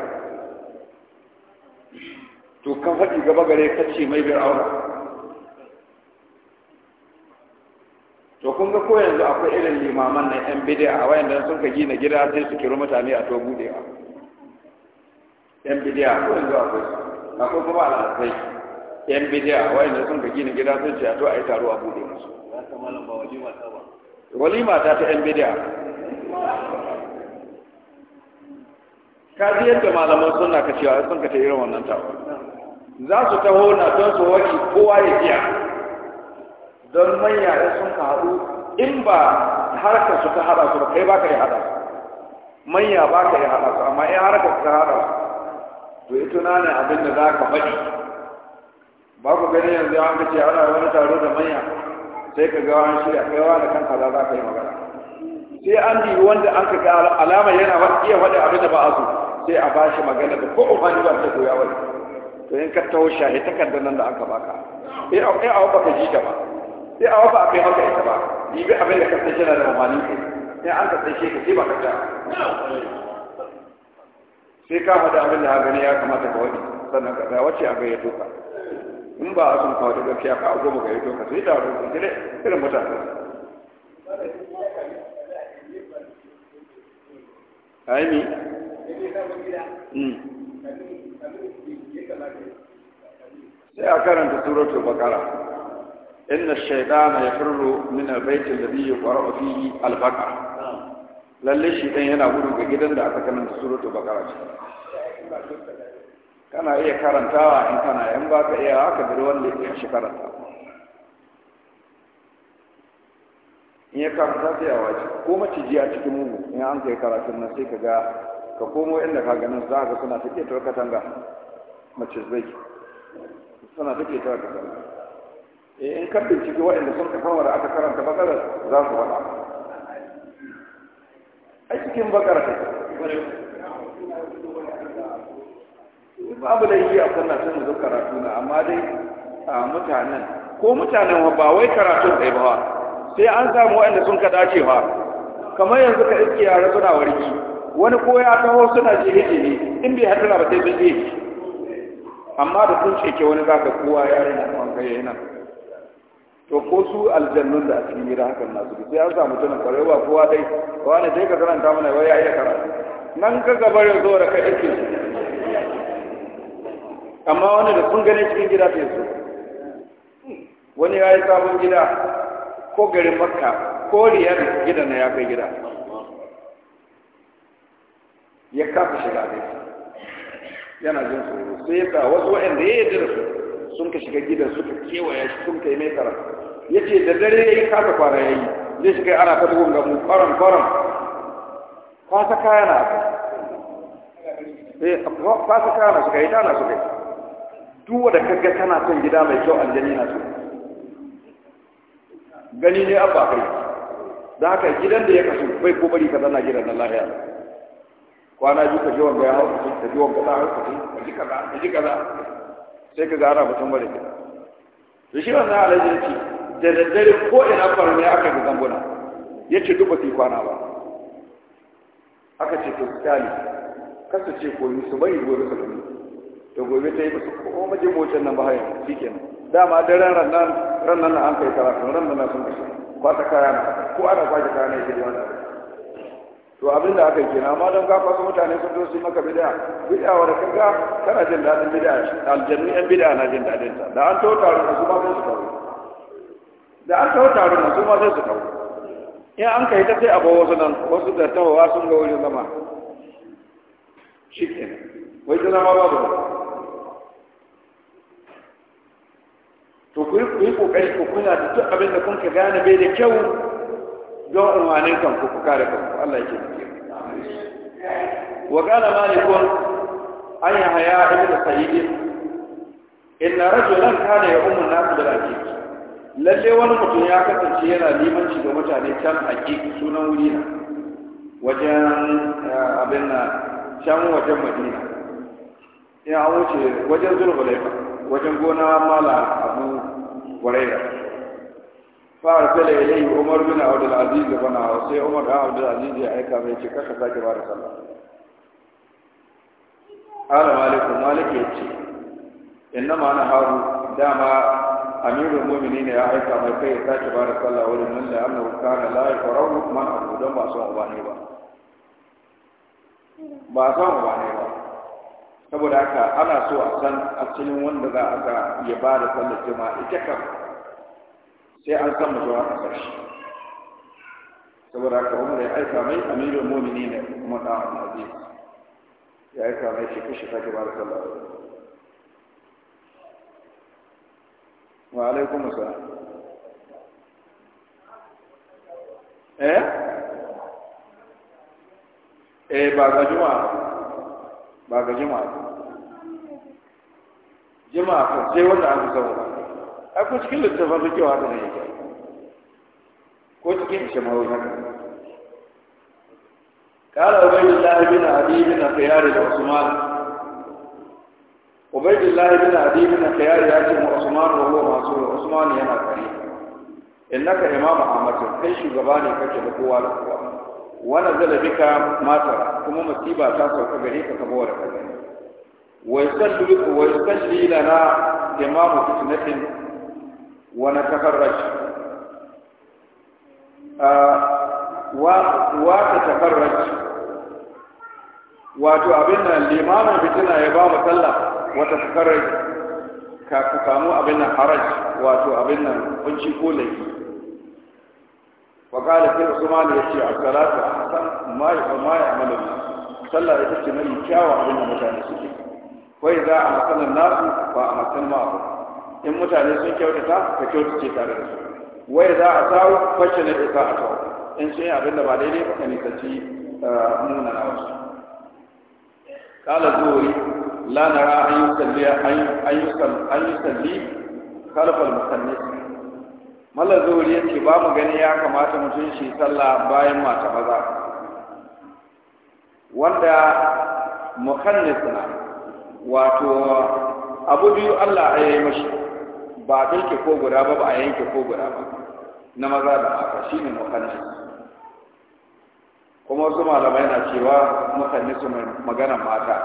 to kan faɗi gaba gare ka ce mai aure to kun ga ko yanzu akwai irin limaman na yan bidiya a wayan dan sun ka gina gida sai su kiro mutane a to budewa yan bidiya ko yanzu akwai akwai kuma al'adai yan bidiya a wayan dan sun ka gina gida sai su a to a yi taro a bude musu walima ta ta yan bidiya ka ji yadda malaman suna ka cewa sun ka ta irin wannan tawa za su taho na don su wani kowa ya biya don manya da sun ka haɗu in ba harkar su ta haɗa su ba kai ba ka yi haɗa su manya ba ka yi haɗa su amma in harkar su ta haɗa su to yi tuna ne abin da za ka faɗi ba ku gani yanzu an ka ce ana wani taro da manya sai ka gawa an shirya kaiwa da kanka za ka yi magana sai an bi wanda an ka ga alama yana iya faɗi abin da ba a so sai a ba shi magana da ko ba ta koya wani to in ka taho shahi takardar nan da aka baka sai a kai awa baka ji ta ba sai awa ba a kai haka ita ba bi abin da ka san yana da amfani kai sai an ka tsaye ka sai ba ka ta sai ka hada abin da gani ya kamata ka wani sannan ka ga wace abin ya toka in ba a sun kawo da gaskiya ka a goma gayyato ka sai taro ka gire irin mutane Aimi. Mm. sai a karanta suratul bakara inna ash-shaytana yafirru min albayt alladhi yuqra'u fihi al lalle shi dan yana gudu ga gidan da aka karanta suratul baqara kana iya karantawa in kana yan baka iya haka da wanda ya shi karanta in ya karanta sai a waje ko maciji a cikin mugu in an kai karatun nan sai ka ga ka komo inda ka ganin za ka suna ta tarkatan ga mace zai suna take ta ka sallah eh, in ka bincike waɗanda sun ka fawara aka karanta bakara za su faɗa a cikin bakara ta babu da yi a sallah sun zo karatu na amma dai a mutanen ko mutanen ba wai karatun ɗaya ba sai an samu waɗanda sun ka dace ba kamar yanzu ka iske yara suna warki wani ko ya taho suna jini jini in bai haɗu ba sai sun je amma da kun ce ke wani ka kowa ya rena wanga yana to ko su aljannun da a cikin gida hakan nasu bi sai an samu kwarai kwarewa kowa dai ne dai ka karanta mana wai ya iya karatu nan ka gaba ya zo da ka ake amma wani da kun gane cikin gida sai su wani ya yi sabon gida ko garin makka ko riyar gida na ya kai gida ya kafa shiga dai yana jin tsoro sai ya wasu waɗanda ya yi da su sun ka shiga gidan suka kewaya shi sun kai mai tsara ya ce da dare ya yi kasa fara ya yi zai shiga ana ta bugun gamu kwaran kwaran kwasa kaya na eh, kwasa kaya na shiga ita na shiga duk da kaga tana son gida mai kyau aljani na su gani ne abba kai da haka gidan da ya kasu bai ko bari ka zana gidan na lahiya kwana biyu ka ji wanga ya hau kuɗi ka ji wanga ta hau kuɗi ka ji kaza ka ji kaza sai ka gara mutum bari ka to shi wannan alhaji ya ce da daddare ko ina faru ne aka ga zambuna ya ce duk ba su kwana ba aka ce to kyali kasa ce ko yi su bari gobe su gani to gobe ta yi su ko majin motar nan ba hanyar shi kenan dama daren rannan rannan na an kai karatu rannan na sun kashe kwata kaya na ko ana kwaje kaya na ya ke wani to abin da aka kira amma don ka su mutane sun zo su maka bid'a bid'a wanda ka ga kana jin daɗin bid'a aljannu yan bid'a na jin daɗin ta da an tawo taron su ba sai su kawo da an tawo taron su ma sai su kawo in an kai ta sai abu wasu nan wasu da tawowa sun ga wurin zama shi wai ta zama babu to ku yi kokari ku kuna da duk abin da kun ka gane bai da kyau don umarnin kanku ku kare kanku Allah yake muke wa kana malikun an haya ibn sa'id inna rajulan kana ya an nasu da aqiq lalle wani mutum ya kasance yana limanci ga mutane can aqiq sunan wuri na wajen eh, abin na can wajen madina ya wuce wajen zulhulaifa wajen gona mala abu waraira ya yi umar bin abd al-aziz bin ya umar da abd al-aziz ya aika mai ce kaka sake da sallah Ala malik malik ya ce ina ma na haru dama amirul ne ya aika mai kai ya sake da sallah wa lin la anna kana la yaqrahu man abudan ba son ubani ba ba son ubani ba saboda haka ana so a san a cikin wanda za a ga ya ba da sallah jima'i ita kan sai an kama zuwa a ƙarshe saboda kawo mai aika mai amirin momini ne kuma a aziz ya aika mai shi kashi ta ba da sallar. wa alaikum eh eh ba ga juma'a ba ga juma'a ko sai wanda an zama a ko cikin littafin da kewa haka ne yake ko cikin shamawi haka kala ubaidillah bin abi bin khiyar da usman ubaidillah bin abi bin khiyar ya ce mu usman wa huwa masul usman yana kare innaka imamu ahmad kai shugaba ne kake da kowa da kowa wani zalabika mata kuma Masiba ta sauka gare ka kabo da kai wai sallu wai salli lana imamu fitnatin ونتفرج وتتفرج wato abin nan limamin fitina ya ba mu sallah wata takarar ka ku abin nan haraj wato abin nan kunci ko laifi wa qala sai usman ya ce as-salatu ahsan ma ya ma ya amalu sallah ita ce mai kyawu abin da mutane suke wa idza amsana an-nasu fa amsana ma'akum in mutane sun kyautata ka kyautace tare da su wai za a sawo fashe na isa a tawo in sun yi abin da ba daidai ba ka nisanci nuna eh, na wasu kala zuwuri la nara an yi salli an yi salli kalfal musalli mallar zuwuri ya ce ba mu gani ya kamata mutum shi sallah bayan mata maza wanda muhannis na wato abu biyu Allah ya yi mashi ba a ɗauke ko guda ba ba a yanke ko guda ba na maza da mata shi ne mukanni kuma wasu malamai na cewa mukanni su magana mata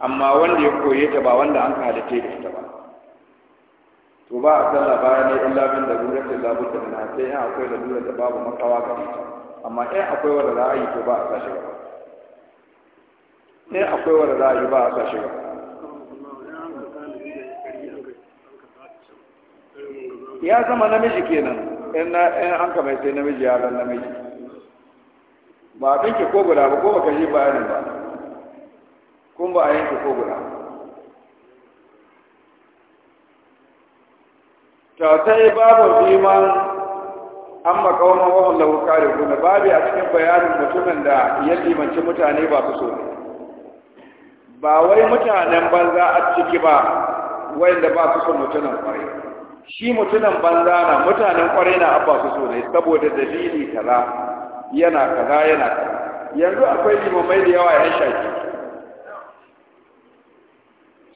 amma wanda ya koye ta ba wanda an halitta da ita ba to ba a sallah baya ne illa bin da lura ta zabu da na sai in akwai da lura da babu makawa ga ita amma in akwai wanda za a yi to ba a sa ba? gaba akwai wanda za a yi ba a sa ba. ya zama namiji kenan in an ka mai sai namiji ya zama namiji ba a kanke ko guda ba ko ba ka shi bayanin ba kun ba a yanke ko guda ta sai babu biman amma kawaman wahun lahu kare kuma babu a cikin bayanin mutumin da ya limanci mutane ba su so ba wai mutanen banza a ciki ba wanda ba su son mutumin kwarai shi mutumin banza na mutanen kwarai na abba su so ne saboda dalili kaza yana kaza yana yanzu akwai limamai da yawa yan shaki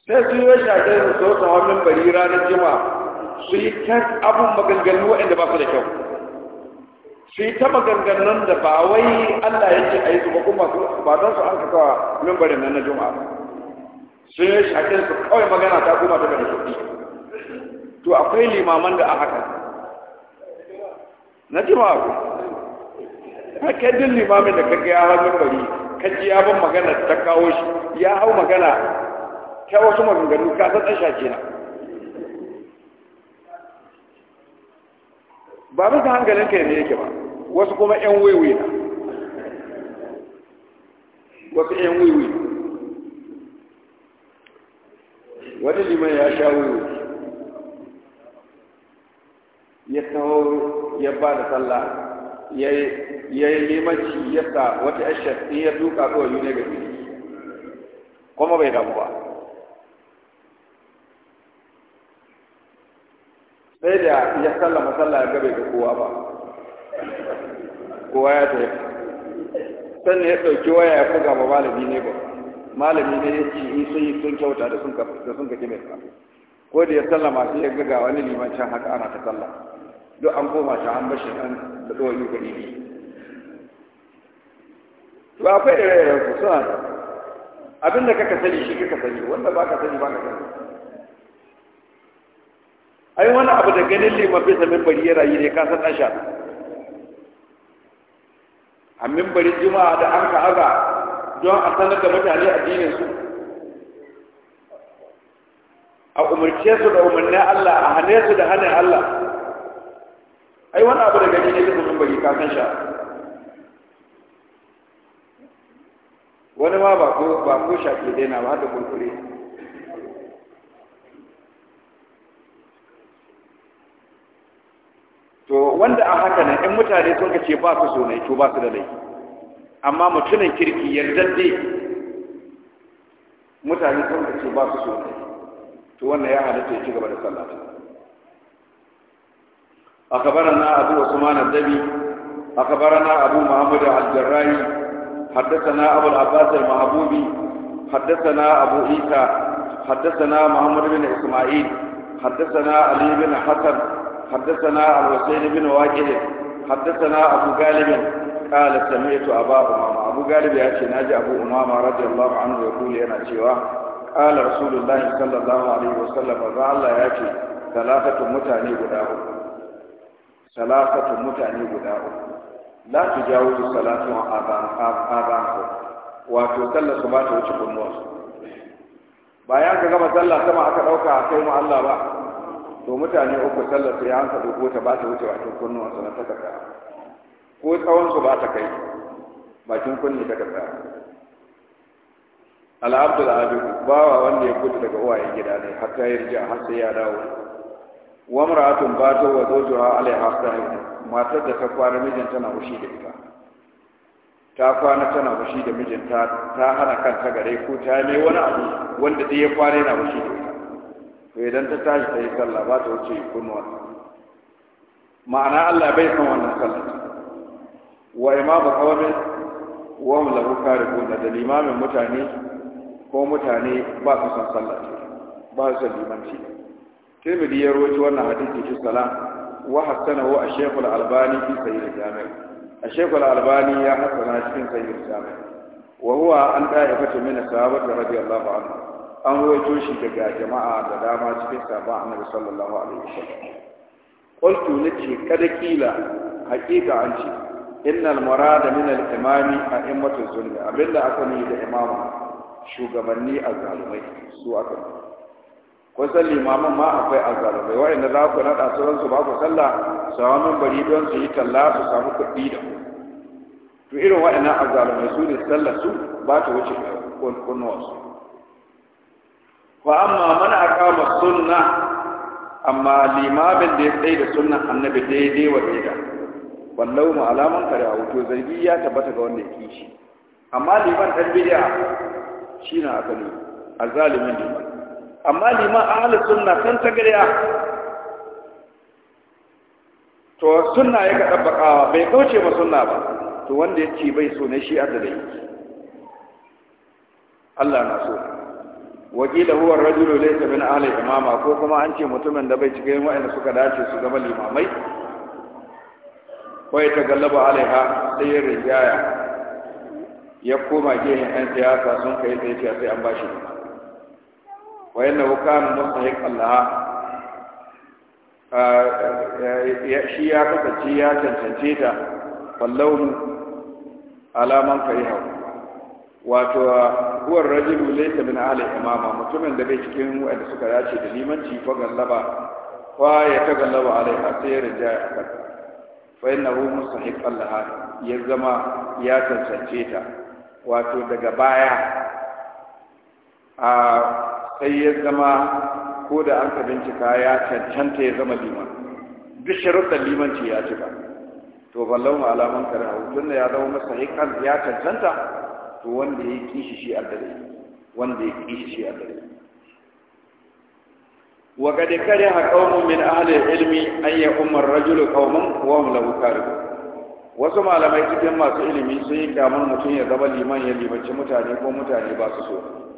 sai su yi shaki su so ta hannun bari ranar jima su yi ta abun maganganu waɗanda ba su da kyau su yi ta maganganun da ba wai Allah ya ce a yi su ba kuma ba don su an kaka mimbarin nan na juma'a sun yi shakin su kawai magana ta kuma ta bada kuɗi to akwai limaman da a haka na ji ma ku haka din limamin da kake ya hau bari kaji ya ban magana ta kawo shi ya hau magana ta wasu maganganu ka san tsasha na ba bisa hankalin kai ne yake ba wasu kuma yan wewe na wasu yan wewe wani liman ya sha wewe ya tawo ya ba da sallah ya yi limanci ya sa wata ashar in ya duka zuwa ne ga fili kuma bai damu ba sai da ya sallama sallah ya bai ga kowa ba kowa ya tafi sannan ya ɗauki waya ya fuga ba malami ne ba malami ne ya ci in sun yi sun kyauta da sun ka kime ka ko da ya sallama masu ya ga wani limancin haka ana ta sallah duk an koma ta an bashi an da tsohon gari ne to akwai ire-iren su suna da abin da kaka sani shi kaka sani wanda ba ka sani ba ka sani ai wani abu da ganin liman bisa mimbari ya rayu ne ka san ɗan a mimbarin juma'a da an ka'aza don a sanar da mutane addinin su a umarce su da umarnin Allah a hane su da hanin Allah ai wani abu da gani ne da mun ka san sha wani ma ba ko ba ko sha ke daina ba da kurkure to wanda a haka nan in mutane sun ka ce ba su so ne to ba su da laifi amma mutumin kirki dai mutane sun ka ce ba su so ne to wannan ya halatta ya ci gaba da sallah أخبرنا أبو عثمان الدبي أخبرنا أبو محمد الجراحي حدثنا أبو العباس المحبوبي حدثنا أبو عيسى حدثنا محمد بن إسماعيل حدثنا علي بن حسن حدثنا الحسين بن واجد حدثنا أبو غالب قال سمعت أبا أمامة أبو غالب يأتي ناجي أبو أمامة رضي الله عنه يقول أنا شيوا قال رسول الله صلى الله عليه وسلم قال الله يأتي ثلاثة متعني قدامه salasatu mutane guda uku la tu jawo salatu azan ko wato sallar su ba ta wuce kunnuwa. Ba ya ka gama talla sama aka dauka a kai mu Allah ba to mutane uku sallar su ya hanka doko ta ba ta wuce bakin kunnuwa su na ta kaka ko tsawon su ba ta kai bakin kunni ta kaka al-abdul abid bawa wanda ya gudu daga uwaye gida ne hatta yarja har sai ya dawo wa mar'atun bata wa zawjuha alaiha sahib matar da ta kwana mijinta na hushi da ita ta kwana tana hushi da mijinta ta hana kanta gare ko ta ne wani abu wanda dai kwana yana hushi da ita to idan ta tashi ta yi sallah ba ta wuce kunnuwa ma'ana Allah bai san wannan sallah wa imamu qawamin wa hum lahu karihun da limamin mutane ko mutane ba su san sallah ba su san limanci tirmidhi ya rawaito wannan hadisi fi salam wa hasanahu ash-shaykh albani fi sahih al A ash albani ya hasana cikin sahih al-jami' wa huwa an da'ifatu min sahabati radiyallahu anhu an rawaito shi daga jama'a da dama cikin sahabba annabi sallallahu alaihi wasallam qultu nace kada kila haqiqa an ce innal murada min al-imami a'immatu sunna abinda aka ni da imamu shugabanni azzalumai su aka wasan limaman ma akwai azalumai wa'anda za ku naɗa su ba ku sallah su hawa bari don su yi talla su samu kuɗi da ku to irin wa'annan azalumai su ne sallar su ba ta wuce su fa amma mana aqama sunna amma limamin da ya tsaye da sunna annabi daidai wa daida wallahu mu alaman kare a wuto zargi ya tabbata ga wanda ya shi amma liman dan bid'a shi na asali azalimin liman amma liman ahalin sunna kan ta gariya to sunna ya ka tabbakawa bai kauce ma sunna ba to wanda ya ci bai so ne shi adda Allah na so wakila huwa rajulu laysa min ahli imama ko kuma an ce mutumin da bai cikin wa'anda suka dace su gaba limamai ko ya tagallaba alaiha sai yin rijaya ya koma gehen 'yan siyasa sun kai sai sai an bashi limamai wa yana wukanin mustahiq Allah shi ya kasance ya cancance ta fallaunu alaman kai hau wato huwar rajulu laysa min ahli imama mutumin da bai cikin wanda suka dace da limanci ko gallaba fa ya ta gallaba alaiha sai ya rijaya akan fa innahu mustahiq Allah ya zama ya cancance ta wato daga baya a sai ya zama ko da an ka bincika ya cancanta ya zama liman duk sharuɗin limanci ya cika to ballon alaman a tun da ya zama masa hikan ya cancanta to wanda ya kishi shi a dare wanda ya kishi shi a dare wa kad kariha qaumun min ahli ilmi an ya umar rajulu qauman wa hum lahu wasu malamai cikin masu ilimi sun yi kamar mutum ya zama liman ya limanci mutane ko mutane ba su so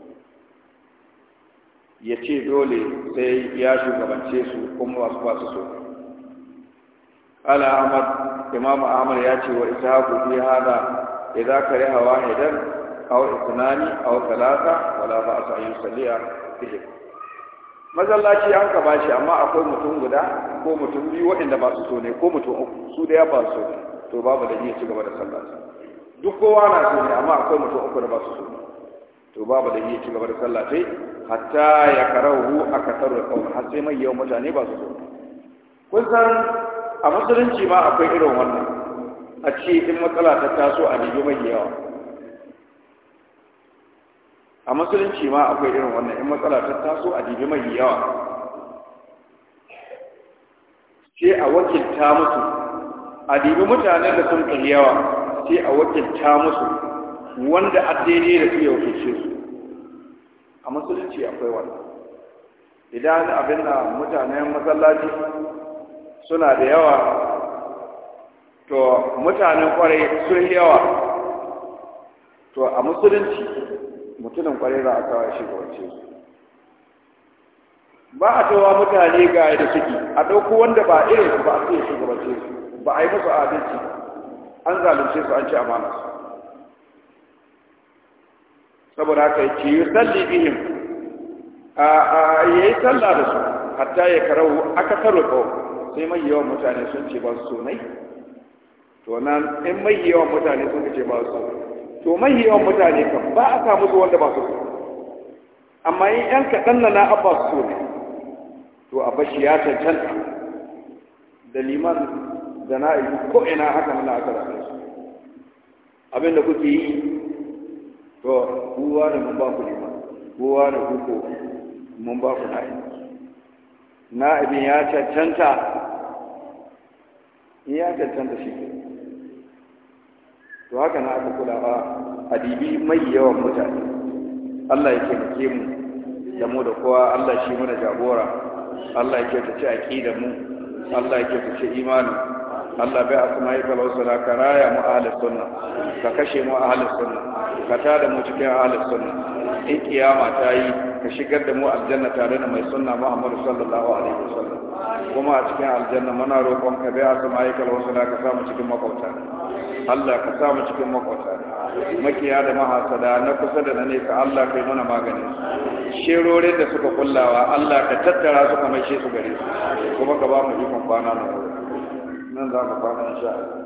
ya ce dole sai ya shugabance su kuma wasu ba su so ala ahmad imamu ahmad ya ce wa haku fi hada yi hawa wahidan aw ithnani aw thalatha wala ba ba'sa an yusalliya bihi masallaci an ka bashi amma akwai mutum guda ko mutum biyu waɗanda ba su so ne ko mutum uku su da ya ba su to babu da ya ci gaba da sallah duk kowa na so ne amma akwai mutum uku da ba su so ne to babu da yi ci da sallah sai hatta ya karahu aka tarra kawai har sai mai yawan mutane ba su so kun san a musulunci ma akwai irin wannan a ce in matsala ta taso a nemi mai yawa a musulunci ma akwai irin wannan in matsala ta taso a dibi mai yawa sai a wakilta musu a dibi mutanen da sun yawa sai a wakilta musu wanda a daidai da su ya wakilce su a musulunci akwai wani. idan abin da mutanen masallaci suna da yawa to mutanen kwarai sun yawa to a musulunci mutumin kwarai za a kawo shi gabance su ba a tawa mutane ga da suke a ɗauko wanda ba irin su ba a su ya shugabance su ba a yi musu abinci, an zalunce su an ci amana su saboda haka yake yi salli bihim a yayi salla da su hatta ya karau aka taro ko sai mai yawan mutane sun ce ba su sonai to nan in mai yawan mutane sun ce ba su to mai yawan mutane kan ba a samu su wanda ba su amma in yan kaɗan na na abba su ne to a bashi ya cancanta da liman da na'ibu ko ina haka na akara rasu abinda kuke yi to kowa da mun ba ku ne kowa da kuko mun ba ku na'i na'ibin ya cancanta in ya cancanta shi to haka na aka kula ba adibi mai yawan mutane Allah ya taimake mu da mu da kowa Allah shi mana jagora Allah ya kyautace aqidar mu Allah ya kyautace imanin Allah bai asma yi kalau ka raya mu ahalis sunna ka kashe mu ahalis sunna ka tada mu cikin ahalis sunna in kiyama ta yi ka shigar da mu aljanna tare da mai sunna Muhammadu sallallahu alaihi wasallam kuma a cikin aljanna muna roƙon ka bai asma yi kalau ka sa mu cikin makwabta Allah ka sa mu cikin makwabta makiya da mahasada na kusa da na nesa Allah kai mana magani sherorin da suka kullawa Allah ka tattara su kamar shi su gare su kuma ka ba mu ikon kwana na wuri nan za ka fara insha Allah